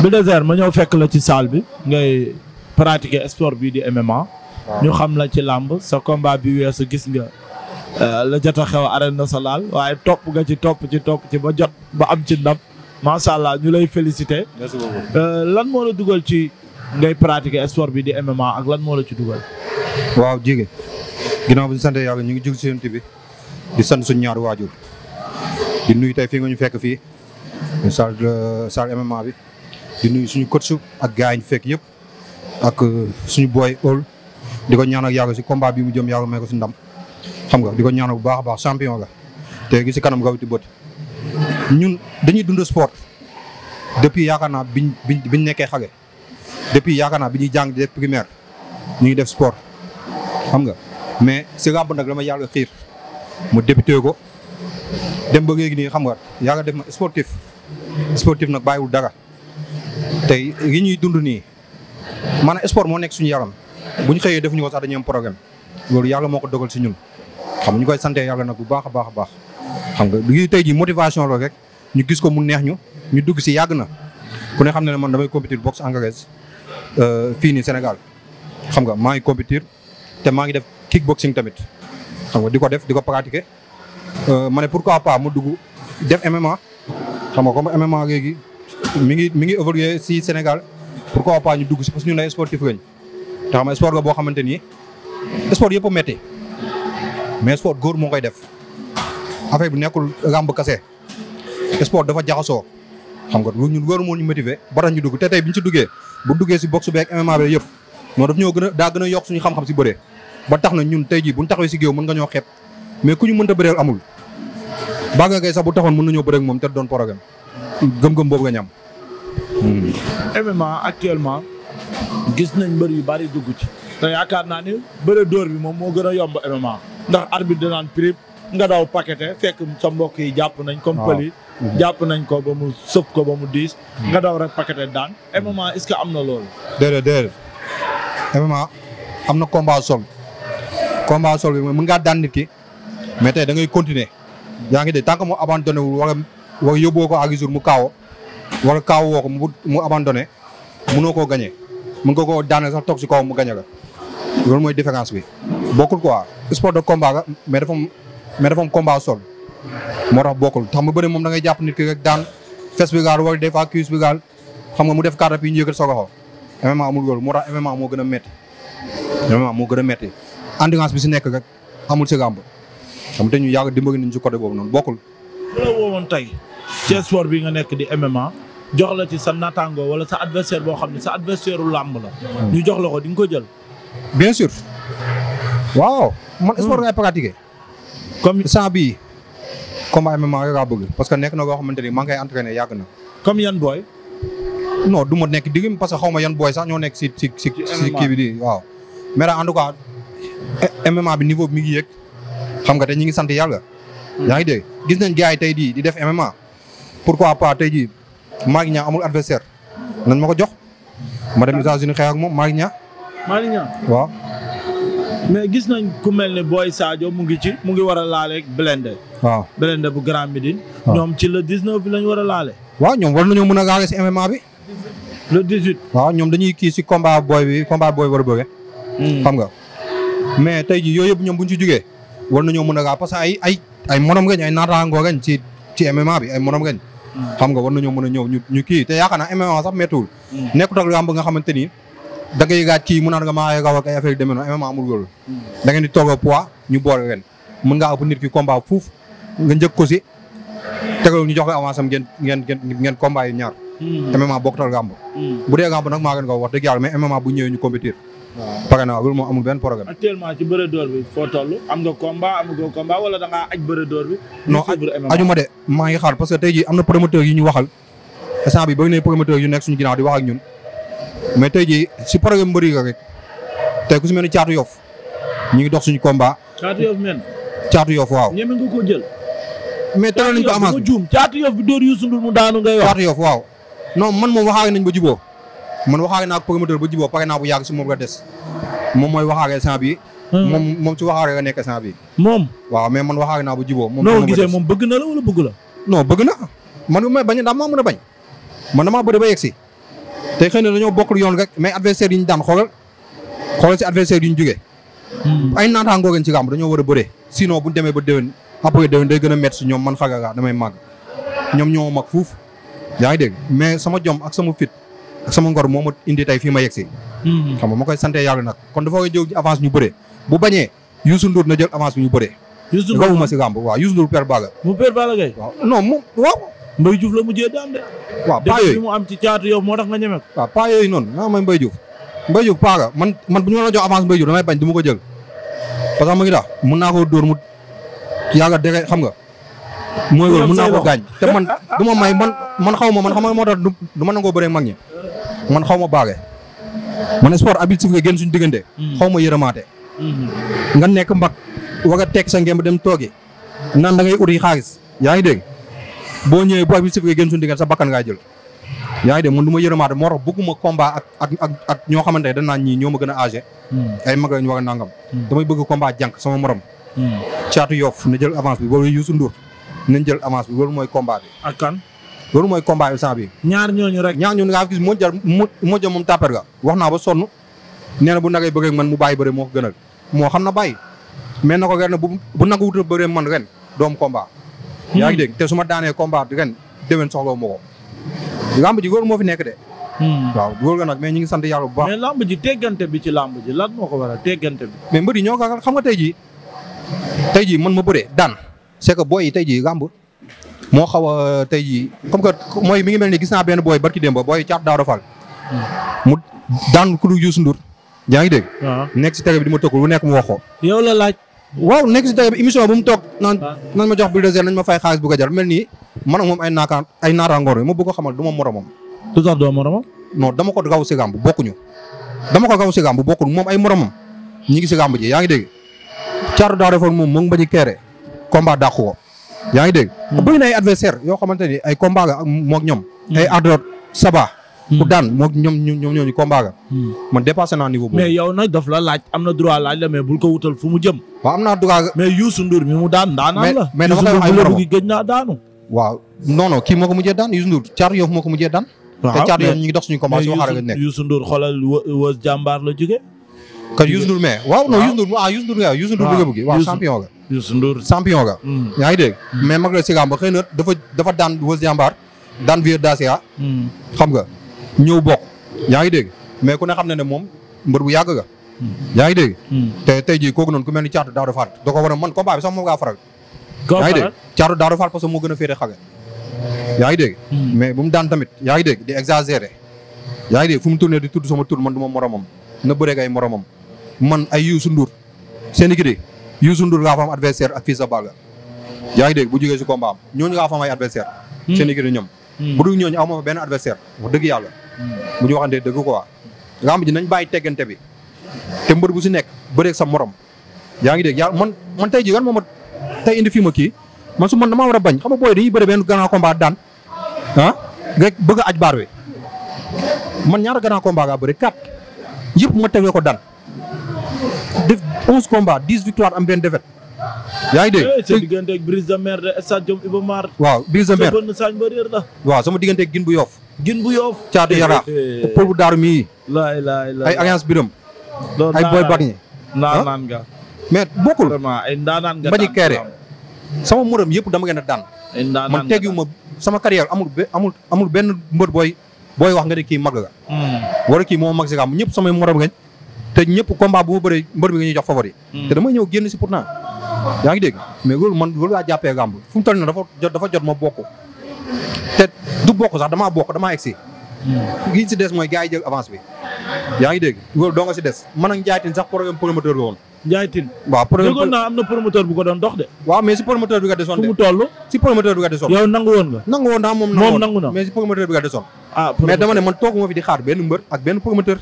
Buldozer ma ñëw fekk la ci salle bi ngay pratiquer sport bii di MMA. ñu xam la ci làmb sa combat bi sa gis nga euh, la jot a xew sa nationale waaye topp nga ci topp ci topp ci ba jot ba am ci ndam macha allah ñu lay féliciter. merci euh, lan moo la dugal ci ngay pratiquer sport bi di MMA ak lan moo la ci dugal. waaw jigéen ginnaaw bi ñu sant yàlla ñu ngi jug si yéen bi di sant suñu ñaar waajur di nuyu tey fii nga ñu fekk fii salle euh, salle MMA bi. di nuyu suñu su ak gars ñu fekk yëpp ak euh, suñu booy all di ko ñaan ak yàlla si combat bi mu jëm yàlla may ko si ndam xam nga di ko ñaan bu baax a baax champion la te gi si kanam gawiti bët ñun dañuy dund sport depuis yaakaar naa biñ biñ biñ nekkee xale depuis yaakaar naa bi ñuy jàng di def primaire ñu ngi def sport xam nga mais si làmb nag dama yàlla xiir mu débuté ko dem ba léegi nii xam nga yàlla def ma sportif sportif nag bàyyiwul dara tey yi ñuy dund nii maanaam sport moo nekk suñu yaram bu ñu xëyee defuñu ko sax dañuy am programme loolu yàlla moo ko dogal si ñun xam ñu koy santee yàlla nag bu baax a baax a baax xam nga lii tey ji motivation la rek ñu gis ko mu neex ñu ñu dugg si yàgg na ku ne xam ne ne man damay compétir boxe anglaise euh, fii nii Sénégal xam nga maa ngi compétir te maa ngi def kickboxing tamit xam nga di ko def di ko pratiquer euh, ma ne pourquoi pas mu dugg def MMA xam nga comme MMA léegi mi ngi mi ngi évoluer si senegal pourquoi pas ñu dugg si parce que ñun ay sportif lañ te xam sport la boo xamante ni sport yëpp a mais sport góor moo koy def affaire bu nekkul làmb kase sport dafa jaxasoo xam nga ñun góor moo ñu motiver ba tax ñu dugg te tey bi ñu si duggee bu duggee si boxe beeg MMA beeg yëpp non daf ñoo gën a daa a yokk suñu xam-xam si bëree ba tax na ñun tey jii bu ñu taxawee si géew mën nga ñoo xeeb mais ku ñu mënta bëreel amul baa nga kay sax bu taxoon mën nañoo bëreeg moom te doon programme gëm-gëm boobu nga ñam. MMA actuellement gis nañ mbër yu bari dugg ci. te yaakaar naa ni bëre dóor bi moom moo gën a yomb MMA. ndax arbitre danaan prip nga daw paqueté fekk sa mbokk yi jàpp nañ. comme pëli mhm. jàpp nañ ko ba mu sëf ko ba mu diis. Mhm. nga daw rek paqueté daan MMA est-ce que am na loolu. déedéet déedéet MMA am na combat sol. combat sol bi mën ngaa daan nit ki mais tey da ngay yaa ngi dégg tant que moo abandonné wul war wax yóbboo ko ak jour mu kaawo wala kaaw woo ko mu mu abandonné mënoo koo gagné mën nga koo daane sax toog si kawam mu gagné ko loolu mooy différence bi. bokkul quoi sport de combat ga mais dafa mais dafa am combat sol moo tax bokkul tax ma bëri moom da ngay jàpp nit ki rek daan fes bi gaal wala des fois bi gaal xam nga mu def carte yi ñu yëkkati sa loxo MMA amul loolu moo tax moo gën a métti MMA moo gën a métti endurance bi si nekk rek amul si gàmb xam te ñu yàgg dimbali nañ ci côté boobu noonu bokkul. ci sport bi nga nekk di MMA jox la sa naataango wala sa adversaire boo xam ne sa la. Hmm. ñu jox la ko di nga ko jël. bien sûr. waaw man hmm. sport laay pratiquer. comme saa bii. combat MMA rek laa bëgg parce que nekk na loo xamante ni maa ngi koy entraîné yàgg na. comme yan booy. non du ma nekk digg parce que xaw ma yan booy sax ñoo nekk si si si si kii bi di waaw. mais en tout cas e-, MMA bi niveau bi mi ngi yëg xam nga te ñu ngi sant yàlla. Hmm. yaa ngi dégg gis nañ gars tey di di def MMA. pourquoi pas tey jii Malick Niang amul adversaire nañ ma ko jox ma dem États-Unis xeex ak moom Malick Niang. Malick Niang waaw. mais gis nañ ku mel ne booy Sadio mu ngi ci mu ngi war a laaleeg Blende. waaw Blende bu Grand Médine. ñoom ci le 19 bi lañ war a laale. waaw ñoom war nañoo mën a gaawee si MMA bi. le 18. waaw ñoom dañuy kii si combat booy bi combat boy war a bëgge. xam nga mais tey jii yooyu yëpp ñoom bu ñu ci jógee war nañoo mën a gaaw parce que ay ay ay morom gañ ay ci MMA bi ay morom ngañ hmm. xam nga war nañoo mën a ñëw ñu ñu kii te yaakaar naa MMA sax méttuwul hmm. nekkut ak làmb nga xamante ni da ngay gàcc kii mu a nga maa kaw ak ay noonu MMA amul loolu hmm. da ngeen di toog poids ñu boole ren mën ngaa ëpp nit ki combat fuuf nga njëkk ko si tegaloo ñu jox la avance am ngeen ngeen ngeen combat yi ñaar MMA bu dee làmb nag maa gën ko wax dëgg yàlla mais MMA bu ñëwee ñu compétir waaw pare naa loolu moo amul benn programme. actuellement ci bëre door bi foo toll am nga combat am nga combat wala aj bëre door bi. ma de maa ngi xaar parce que tey jii am na promoteur yu ñu waxal instant bi bëri na promoteur yu nekk suñu ginnaaw di mais tey jii si programme bëri nga rek tey ku si mel ni caatu yof ñu ngi dox suñu combat. caatu yof caatu yof waaw. mais teeloon nañ ko avance bi caatu yof bi dóor Youssou Ndour mu daanu ngay wax. caatu yof waaw non man moom waxaale nañ ba jubóo. man waxaare naa ak promoteur bu jiboo pare naa bu yàgg si moom la des moom mooy waxaare sant bi hmm. moom moom ci waxaare la nekk sant bi moom waaw mais man waxaare naa bu jiboo moom noo gisee moom bëgg na la wala bëgg la non bëgg na man bu may bañ daa maa mën a bañ man damaa bëri ba yegg si te xëy na dañoo bokkul yoon rek mais adversaire yi ñu daan xoolal xoolal si adversaire yi ñu jógee hmm. ay naataangoo ngeen si gàmb dañoo war a bëre bëree sinon bu demee ba déwén après déwén day gën a métti si ñoom man xagaga damay màgg ñoom ñoo mag fuuf yaa ngi dégg mais sama jom ak sama fit sama ngor moo ma indi tey fii ma yegg si mm-hmm. xam nga ma koy sante yàlla nag kon dafa koy jóg ci avance ñu bëree bu bañee Youssou Ndour na jël avance bi ñu bëree Youssou ma si gàmb waaw Youssou Ndour Père Balla mu Père Balla Gaye non mu waaw Mbaye la mujjee daan de waaw paa yooyu mu am ci caatu yow moo tax nga ñeme ko yooyu noonu nga ah, may Mbaye Diouf Mbaye Diouf paa man man bu ñu mën a jox avance mbay Diouf damay bañ du ma ko jël parce que ma ngi tax mun naa koo dóor mu yàgga dege xam nga mooy loolu mun naa ko gaañ te man du ma may man xaw ma man xam nga moo tax du ma nangoo bëree mag man xaw ma baage man sport arbitre sifflé génn suñu diggante. Hmm. xaw ma yërëmaate. Hmm. nga nekk mbag waga teg sa ngemb dem toogi nan da ngay ut yi xaalis yaa ngi dégg boo ñëwee bu arbitre sifflé génn suñu diggante sa bakkan ngaa jël. yaa ngi dégg man du ma yërëmaate moo tax bëgguma combat ak ak ñoo xamante ne dañ naan ñii ñoo ma gën a âgé. Hmm. ay mag lañ war a nangam. damay bëgg combat jànk sama morom. caatu Yoff na jël avance bi boobu Youssou nañ jël avance bi mooy combat bi. ak loolu mooy combat instant bi ñaar ñooñu rek ñaar ñooñu nga gis moo jar moo jar moom tàpper ga wax naa ba sonn nee na bu nagay bëgg ak man mu baay bëre moo ko gënal moo xam na bàyyi mais na ko ren bu bu nangu wut bëre man ren doom combat yaa ngi hmm. dégg te su ma daanee combat ren déwén soxla ma ko lamb ji góor moo fi nekk de hmm. waaw góor ga nag mais ñu ngi sant yàlla bu baax mais lamb ji teggante bi ci lamb ji lan moo ko waral teggante bi mais mbëri ñoo ko xam nga tey jii tey jii man ma bëree daan c'est que booy yi tey jii lamb moo xaw a tey jii comme que mooy mi ngi mel ni gis naa benn booy barki démb booy caat Daara Fall. mu daan ku dul Youssou Ndour. yaa ngi dégg. nekk si télé bi di ma tëkku lu nekk mu wax ko. yow la laaj. waaw nekk si télé bi bu mu toog naan nañ ma jox bu bulldozer nañ ma fay xaalis bu ko jar mel nii man ak moom ay naaka ay naataangoor yi ma bëgg a xamal du ma moromam. du tax doo moromam. non dama ko gaw si gàmb bokkuñu. dama ko gaw si gàmb bokkuñu moom ay moromam ñi ngi si gàmb ji yaa ngi dégg. caatu Daara Fall moom mu ngi bañ a keere yaa ngi dégg. Mm. bëri na ay adversaire yoo xamante ni ay combat ga moog ñoom. Mm. ay Ardo Saba. Mm. ku daan moog ñoom ñoom ñooñu combat ga. man dépassé naa niveau boobu. mais yow nag daf la laaj am na droit laaj la mais bul ko wutal fu mu jëm. waaw am naa droit. mais Youssou Ndour mi mu daan daanaan la. mais dafa koy ay moromu Youssou Ndour gëj naa daanu. waaw non non kii moo ko mujjee daan Youssou Ndour caar yoof moo ko mujjee daan. waaw te caar yoof ñu ngi dox suñu combat su waxaare nga nekk. Youssou Ndour xoolal wës jàmbaar la jógee. kon Youssou Ndour mais waaw non Youssou Ndour ah Youssou Ndour nga Youssou Ndour bi nga bëgg waaw champion nga Youssou Ndour champion ga mm. yaa ngi dégg mm. mais malgré si ba xëy na dafa dafa daan Weuz Diambar daan Vieux Dacia mm. xam nga ñëw bokk yaa ngi dégg mais ku ne xam ne ne moom mbër bu yàgg ga yaa ngi dégg te tey jii kooku noonu ku mel ni caatu daaru faat da ko war a man combat bi sax moom ngaa faral yaa ngi dégg caatu daaru faat parce que moo gën a féete xage yaa ngi dégg mais bu mu daan tamit yaa ngi dégg di exagéré yaa ngi dégg fu mu tourné di tudd sama tur man du ma moromam na bëreeg ay moromam man ay Youssou Ndour seen i Youssou Ndour ngaa fa adversaire ak fii sa Balla yaa ngi dégg bu jógee si combat am ñooñu ngaa fa am ay adversaire hmm. seen équipe ñoom hmm. bu dul ñooñ amoo fa benn adversaire wax dëgg yàlla hmm. bu ñu waxantee dëgg quoi lamb ji nañ bàyyi teggante bi te mbër bu si nekk bëreeg sa morom yaa ngi dégg yàlla man man tey ji kan mooma tey indi fii ma kii man su man damaa war bañ xam nga booy dañuy bëri benn grand combat daan ah? rek bëgg aj baar wi man ñaara grand combat gaa bëri quatre yëpp ma tegee ko daan def onze combats dix victoires am benn défaite. yaa ngi dégg eh, sa diggante ak Brise de Mer de stade Iba Mar. waaw sama diggante ak Gine bu Yoff. Gine bu Yoff. Caatu Yaraax eh, eh, Pël bu daar mii. laay ay alliance biram ay boy bag ñi. ndaanaan nga. Ah. mais bokkul vraiment ay nga. Mbañi Kéré sama muram yëpp dama gën a daan. ay ndaanaan man teggiwu sama carrière amul amul amul benn mbër booy booy wax nga ne kii mag la. Hmm. wala kii moo mag si ñëpp samay muram ga te ñëpp combat bu ma bëree mbër mi nga ñuy jox favori hmm. te dama ñëw génn si pourtant yaa ngi dégg mais loolu man loolu laa jàppee gàmb fu mu toll nii dafa jot dafa jot ma bokk te du bokk sax damaa bokk damaa egsi si hmm. des mooy gars yi jël naa dox de waaw mais si promoteur bi nga desoon fu nangu woon nga nangu woon moom nangu na mais ah, dama ne man toog fi di xaar benn mbër ak benn promoteur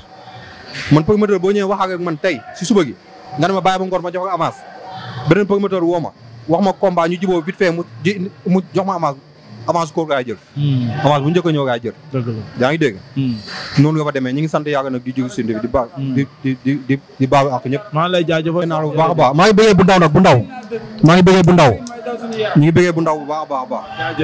man promoteur boo ñëwee wax ak man tey si suba gi nga ne ma bàyyi ba ngoor ma jox ko avance beneen promoteur woo ma wax ma combat ñu jubóo vite fait mu jox ma avance avance kooku laay jël. Hmm. avance bu njëkk a ñëw laay jël. dëgg yaa ngi dégg. Hmm. noonu nga fa demee ñu ngi sant yàlla nag di jóg si bi di baax. Hmm. di di maa ngi lay jaajëfal naa bu a baax maa ngi bëggee bu ndaw nag bu ndaw. maa ngi bëggee bu ndaw. ñu ngi bëggee bu ndaw bu baax a baax a baax.